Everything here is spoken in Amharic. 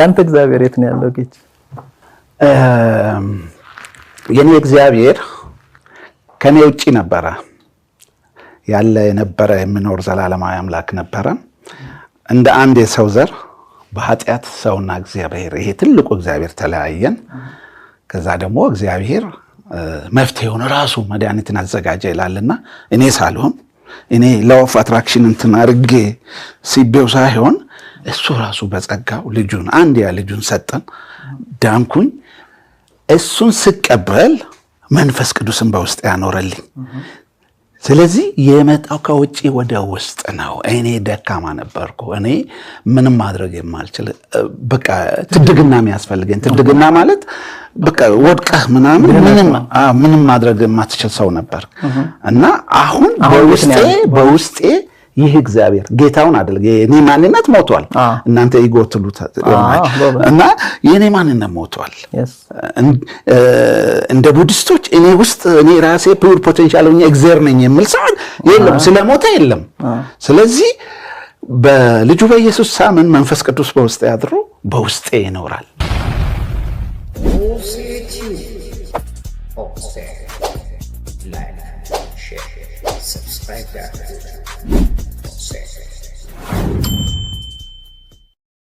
ያንተ እግዚአብሔር የት ነው ያለው? ጌች የኔ እግዚአብሔር ከኔ ውጪ ነበረ ያለ የነበረ የምኖር ዘላለማዊ አምላክ ነበረ። እንደ አንድ የሰው ዘር በኃጢአት ሰውና እግዚአብሔር ይሄ ትልቁ እግዚአብሔር ተለያየን። ከዛ ደግሞ እግዚአብሔር መፍትሄውን ራሱ መድኃኒትን አዘጋጀ ይላልና እኔ ሳልሆን እኔ ለወፍ አትራክሽን እንትን አርጌ ሲቤው ሳይሆን እሱ ራሱ በጸጋው ልጁን አንድ ያ ልጁን ሰጠን፣ ዳንኩኝ። እሱን ስቀበል መንፈስ ቅዱስን በውስጥ ያኖረልኝ። ስለዚህ የመጣው ከውጭ ወደ ውስጥ ነው። እኔ ደካማ ነበርኩ። እኔ ምንም ማድረግ የማልችል በቃ ትድግና የሚያስፈልገኝ ትድግና ማለት በቃ ወድቀህ ምናምን ምንም ማድረግ የማትችል ሰው ነበር እና አሁን በውስጤ በውስጤ ይህ እግዚአብሔር ጌታውን አደለ የኔ ማንነት ሞቷል፣ እናንተ ይጎትሉት እና የኔ ማንነት ሞቷል። እንደ ቡድስቶች እኔ ውስጥ እኔ ራሴ ፒውር ፖቴንሻል ሆኜ እግዚአብሔር ነኝ የምል ሰዓት የለም፣ ስለ ሞተ የለም። ስለዚህ በልጁ በኢየሱስ ሳምን መንፈስ ቅዱስ በውስጤ አድሮ በውስጤ ይኖራል። Subscribe set.